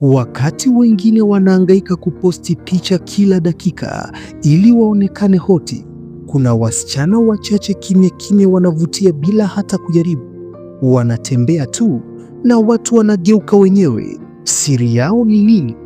Wakati wengine wanaangaika kuposti picha kila dakika ili waonekane hoti, kuna wasichana wachache kimya kimya wanavutia bila hata kujaribu. Wanatembea tu na watu wanageuka wenyewe. Siri yao ni nini?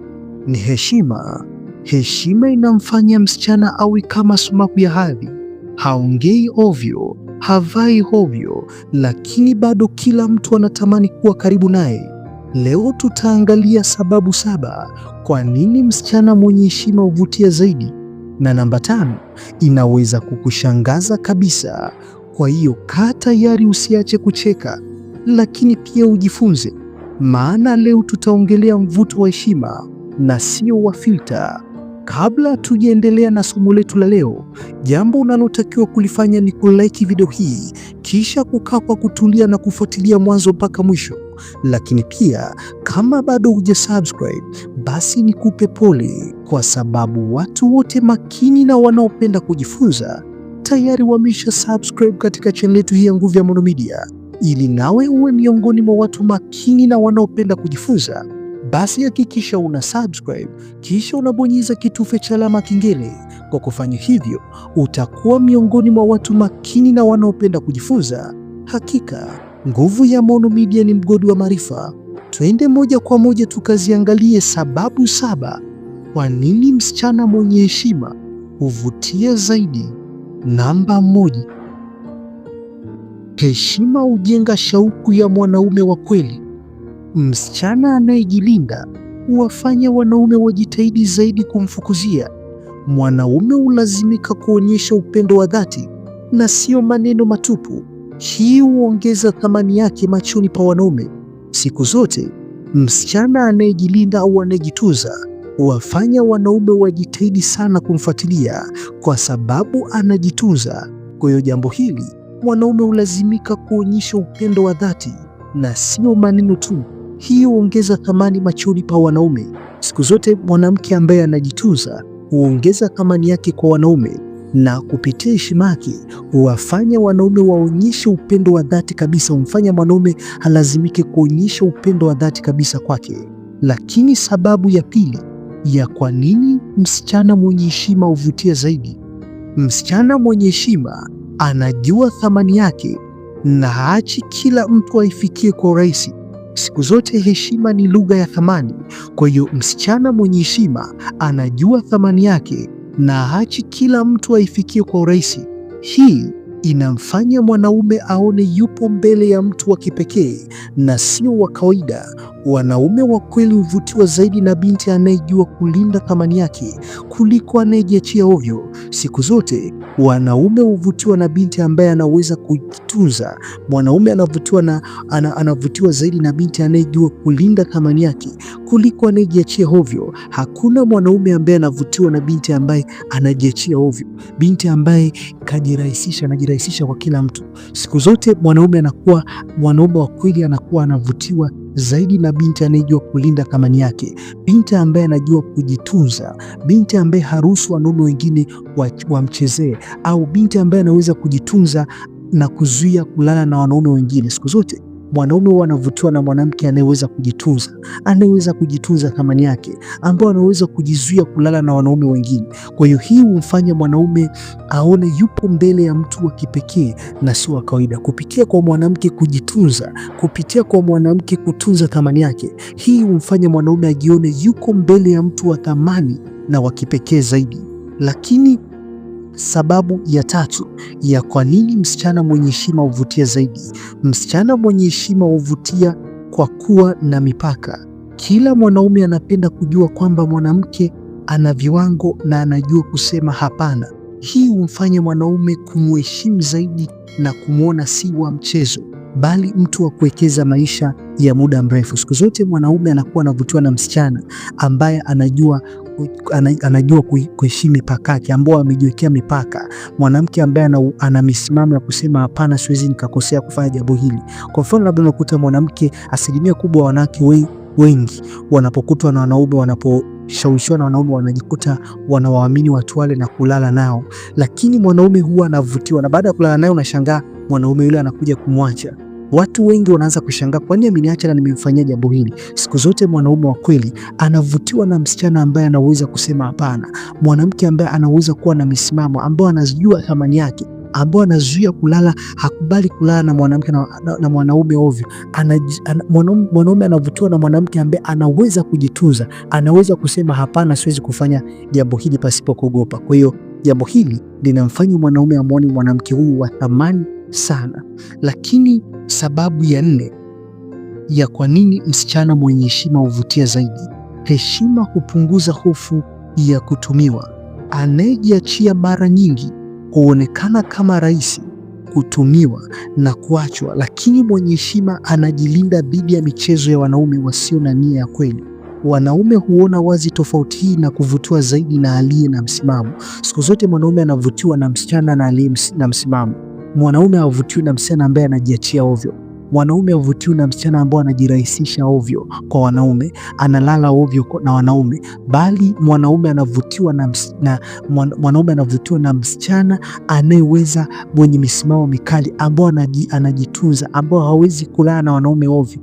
Ni heshima. Heshima inamfanya msichana awe kama sumaku ya hadhi. Haongei ovyo, havai hovyo lakini bado kila mtu anatamani kuwa karibu naye. Leo tutaangalia sababu saba kwa nini msichana mwenye heshima huvutia zaidi, na namba tano inaweza kukushangaza kabisa. Kwa hiyo kaa tayari, usiache kucheka, lakini pia ujifunze, maana leo tutaongelea mvuto wa heshima na sio wa filter. Kabla tujaendelea na somo letu la leo, jambo unalotakiwa kulifanya ni kulike video hii, kisha kukaa kwa kutulia na kufuatilia mwanzo mpaka mwisho lakini pia kama bado hujasubscribe, basi nikupe pole, kwa sababu watu wote makini na wanaopenda kujifunza tayari wamesha subscribe katika channel yetu hii ya Nguvu ya Maono Media. Ili nawe uwe miongoni mwa watu makini na wanaopenda kujifunza, basi hakikisha una subscribe kisha unabonyeza kitufe cha alama kengele. Kwa kufanya hivyo, utakuwa miongoni mwa watu makini na wanaopenda kujifunza. Hakika Nguvu ya Maono Media ni mgodi wa maarifa. Twende moja kwa moja tukaziangalie sababu saba kwa nini msichana mwenye heshima huvutia zaidi. Namba moja, heshima hujenga shauku ya mwanaume wa kweli. Msichana anayejilinda huwafanya wanaume wajitahidi zaidi kumfukuzia. Mwanaume hulazimika kuonyesha upendo wa dhati na sio maneno matupu. Hii huongeza thamani yake machoni pa wanaume. Siku zote msichana anayejilinda au anayejituza wafanya wanaume wajitahidi sana kumfuatilia kwa sababu anajitunza. Kwa hiyo jambo hili, wanaume hulazimika kuonyesha upendo wa dhati na sio maneno tu. Hii huongeza thamani machoni pa wanaume. Siku zote mwanamke ambaye anajitunza huongeza thamani yake kwa wanaume na kupitia heshima yake huwafanya wanaume waonyeshe upendo wa dhati kabisa, humfanya mwanaume alazimike kuonyesha upendo wa dhati kabisa kwake. Lakini sababu ya pili ya kwa nini msichana mwenye heshima huvutia zaidi, msichana mwenye heshima anajua thamani yake na haachi kila mtu aifikie kwa urahisi. Siku zote heshima ni lugha ya thamani. Kwa hiyo msichana mwenye heshima anajua thamani yake na haachi kila mtu aifikie kwa urahisi. Hii inamfanya mwanaume aone yupo mbele ya mtu wa kipekee na sio wa kawaida, Wanaume wa kweli huvutiwa zaidi na binti anayejua kulinda thamani yake kuliko anayejiachia ovyo. Siku zote wanaume huvutiwa na binti ambaye anaweza kujitunza. Mwanaume anavutiwa na, ana, anavutiwa zaidi na binti anayejua kulinda thamani yake kuliko anayejiachia ovyo. Hakuna mwanaume ambaye anavutiwa na binti ambaye anajiachia ovyo, binti ambaye kajirahisisha, anajirahisisha kwa kila mtu. Siku zote mwanaume anakuwa, mwanaume wa kweli anakuwa anavutiwa zaidi na binti anayejua kulinda thamani yake, binti ambaye anajua kujitunza, binti ambaye haruhusu wanaume wengine wamchezee, au binti ambaye anaweza kujitunza na kuzuia kulala na wanaume wengine siku zote. Mwanaume huwa anavutiwa na mwanamke anayeweza kujitunza, anayeweza kujitunza thamani yake, ambao anaweza kujizuia kulala na wanaume wengine. Kwa hiyo hii humfanya mwanaume aone yupo mbele ya mtu wa kipekee na si wa kawaida. Kupitia kwa mwanamke kujitunza, kupitia kwa mwanamke kutunza thamani yake, hii humfanya mwanaume ajione yuko mbele ya mtu wa thamani na wa kipekee zaidi. Lakini Sababu ya tatu ya kwa nini msichana mwenye heshima huvutia zaidi: msichana mwenye heshima huvutia kwa kuwa na mipaka. Kila mwanaume anapenda kujua kwamba mwanamke ana viwango na anajua kusema hapana. Hii humfanya mwanaume kumheshimu zaidi na kumwona si wa mchezo, bali mtu wa kuwekeza maisha ya muda mrefu. Siku zote mwanaume anakuwa anavutiwa na msichana ambaye anajua anajua kuheshimu mipaka yake, ambao amejiwekea mipaka. Mwanamke ambaye ana misimamo ya kusema hapana, siwezi nikakosea kufanya jambo hili. Kwa mfano, labda unakuta mwanamke, asilimia kubwa wanawake wengi wanapokutwa na wanaume wanapo shawishiwa na wanaume wanajikuta wanawaamini watu wale na kulala nao, lakini mwanaume huwa anavutiwa na baada ya kulala naye, unashangaa mwanaume yule anakuja kumwacha. Watu wengi wanaanza kushangaa, kwani ameniacha na nimemfanyia jambo hili? Siku zote mwanaume wa kweli anavutiwa na msichana ambaye anaweza kusema hapana, mwanamke ambaye anaweza kuwa na misimamo, ambao anajua thamani yake ambao anazuia kulala, hakubali kulala na mwanamke na, na, na mwanaume ovyo. Ana, mwanaume anavutiwa na mwanamke ambaye anaweza kujitunza, anaweza kusema hapana, siwezi kufanya jambo hili pasipo kuogopa. Kwa hiyo Jambo hili linamfanya mwanaume amwone mwanamke huyu wa thamani sana. Lakini sababu ya nne ya kwa nini msichana mwenye heshima huvutia zaidi, heshima hupunguza hofu ya kutumiwa. Anayejiachia mara nyingi huonekana kama rahisi kutumiwa na kuachwa, lakini mwenye heshima anajilinda dhidi ya michezo ya wanaume wasio na nia ya kweli. Wanaume huona wazi tofauti hii na kuvutiwa zaidi na aliye na msimamo. Siku zote mwanaume anavutiwa na msichana na aliye na msimamo. Mwanaume havutiwi na msichana ambaye anajiachia ovyo. Mwanaume havutiwi na msichana ambaye anajirahisisha ovyo kwa wanaume, analala ovyo na wanaume, bali mwanaume anavutiwa na, na, mwanaume anavutiwa na msichana anayeweza, mwenye misimamo mikali, ambao anajitunza, ambao hawezi kulala na wanaume ovyo.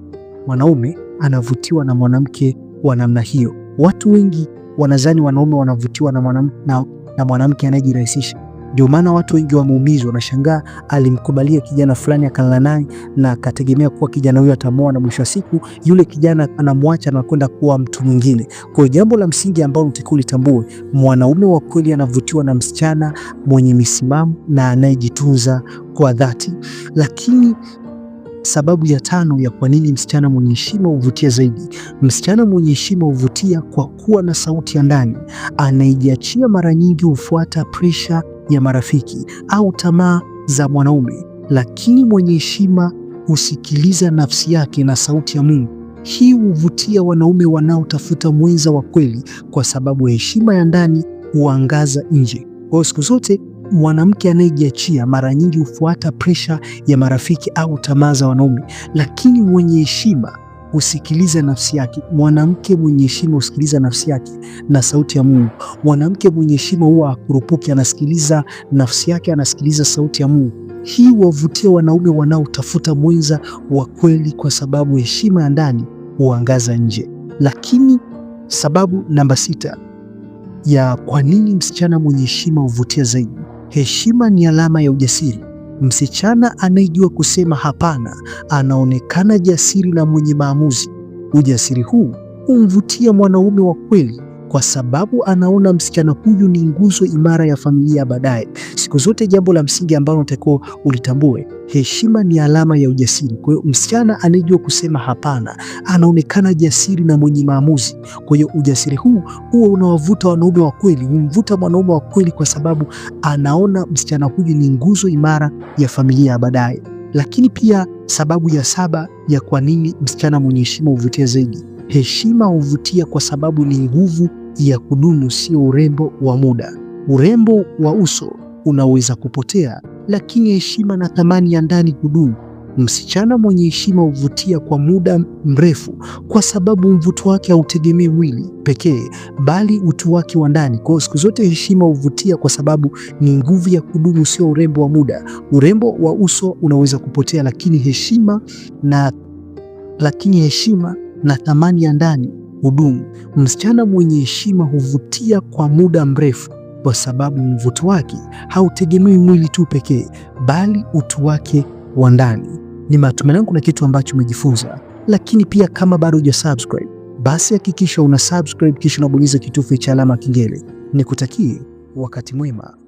Mwanaume anavutiwa na mwanamke wa namna hiyo. Watu wengi wanazani wanaume wanavutiwa na mwanamke na, na mwanamke anayejirahisisha. Ndio maana watu wengi wameumizwa, wanashangaa alimkubalia kijana fulani akalala naye na akategemea kuwa kijana huyo atamoa, na mwisho wa siku yule kijana anamwacha na kwenda kuwa mtu mwingine. Kwa hiyo jambo la msingi ambalo unatakiwa litambue, mwanaume wa kweli anavutiwa na msichana mwenye misimamo na anayejitunza kwa dhati, lakini Sababu ya tano ya kwa nini msichana mwenye heshima huvutia zaidi: msichana mwenye heshima huvutia kwa kuwa na sauti ya ndani, anayejiachia mara nyingi hufuata presha ya marafiki au tamaa za mwanaume, lakini mwenye heshima husikiliza nafsi yake na sauti ya Mungu. Hii huvutia wanaume wanaotafuta mwenza wa kweli, kwa sababu heshima ya ndani huangaza nje. Kwa siku zote mwanamke anayejiachia mara nyingi hufuata presha ya marafiki au tamaa za wanaume, lakini mwenye heshima husikiliza nafsi yake. Mwanamke mwenye heshima husikiliza nafsi yake na sauti ya Mungu. Mwanamke mwenye heshima huwa akurupuki, anasikiliza nafsi yake, anasikiliza sauti ya Mungu. Hii wavutia wanaume wanaotafuta mwenza wa kweli, kwa sababu heshima ya ndani huangaza nje. Lakini sababu namba sita ya kwa nini msichana mwenye heshima huvutia zaidi Heshima ni alama ya ujasiri. Msichana anayejua kusema hapana anaonekana jasiri na mwenye maamuzi. Ujasiri huu humvutia mwanaume wa kweli kwa sababu anaona msichana huyu ni nguzo imara ya familia ya baadaye. Siku zote jambo la msingi ambalo unatakiwa ulitambue, heshima ni alama ya ujasiri. Kwa hiyo msichana anayejua kusema hapana anaonekana jasiri na mwenye maamuzi. Kwa hiyo ujasiri huu huwa unawavuta wanaume wa kweli, humvuta mwanaume wa kweli, kwa sababu anaona msichana huyu ni nguzo imara ya familia ya baadaye. Lakini pia sababu ya saba ya kwa nini msichana mwenye heshima huvutia zaidi Heshima huvutia kwa sababu ni nguvu ya kudumu, sio urembo wa muda. Urembo wa uso unaweza kupotea, lakini heshima na thamani ya ndani kudumu. Msichana mwenye heshima huvutia kwa muda mrefu, kwa sababu mvuto wake hautegemei mwili pekee, bali utu wake wa ndani. Kwa siku zote heshima huvutia kwa sababu ni nguvu ya kudumu, sio urembo wa muda. Urembo wa uso unaweza kupotea, lakini heshima na lakini heshima na thamani ya ndani hudumu. Msichana mwenye heshima huvutia kwa muda mrefu, kwa sababu mvuto wake hautegemei mwili tu pekee, bali utu wake wa ndani. Ni matumaini yangu na kitu ambacho umejifunza, lakini pia kama bado hujasubscribe, basi hakikisha una subscribe kisha unabonyeza kitufe cha alama kengele. Nikutakie wakati mwema.